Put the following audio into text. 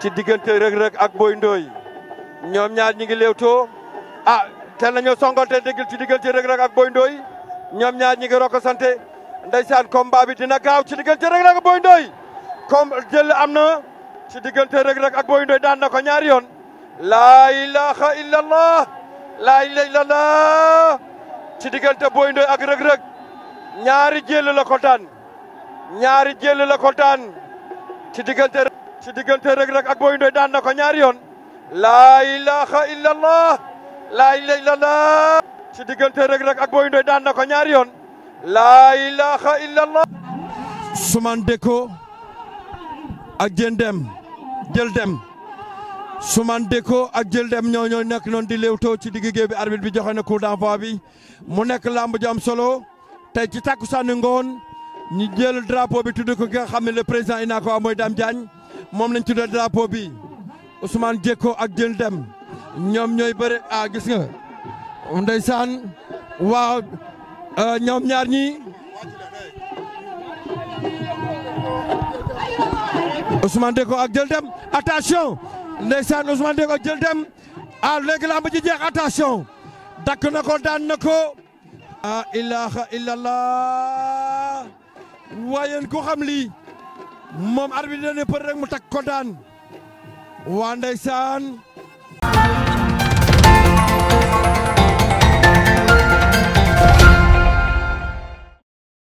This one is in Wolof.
ci diggante rëg-rëg ak boy ndooy ñoom ñaar ñi ngi léewtoo ah tel nañoo songolte déggal ci diggante rëg-rëg ak boy ndooy ñoom ñaar ñi ngi roko sante ndeysaan combat bi dina gaaw ci diggante rëg-rëg ak boy ndooy comme jël am na ci diggante rëg-rëg ak boy ndooy daan na ko ñaari yoon laa ilaha illallah laa ilaha illallah ci diggante boy ndooy ak rëg ñaari jël la ko ñaari jël la ko daan ci diggante ci diggante Reug Reug ak Boy Ndoye daan na ko ñaari yoon laa ilaha illallah laa ci diggante Reug Reug ak Boy Ndoye daan na ko ñaari yoon laa ilaha illallah Soumane Deko ak Diène Dème Diène Dème Soumane Deko ak Diène Dème ñoo ñoo nekk noonu di lewtoo ci digg géew bi arbitre bi joxe na coup d'envoi bi mu nekk lamb ju am solo tey ci takkusaanu ngoon ñu jël drapeau bi tudd ko ki nga xam ne le président Inaakowa mooy Dame Diagne moom lañ tuddee drapeau bi Ousmane Diécko ak Diène Dème ñoom ñooy bëre ah gis nga ndeysaan waaw euh, ñoom ñaar ñi Ousmane Diécko ak Diène Dème attention ndeysaan Ousmane Diécko ak Diène Dème ah léegi làmb ji jeex attention dakk na ko daan na ko ah ilaha illallah waaye ku xam lii moom arbitre bi dina mu takk ko daan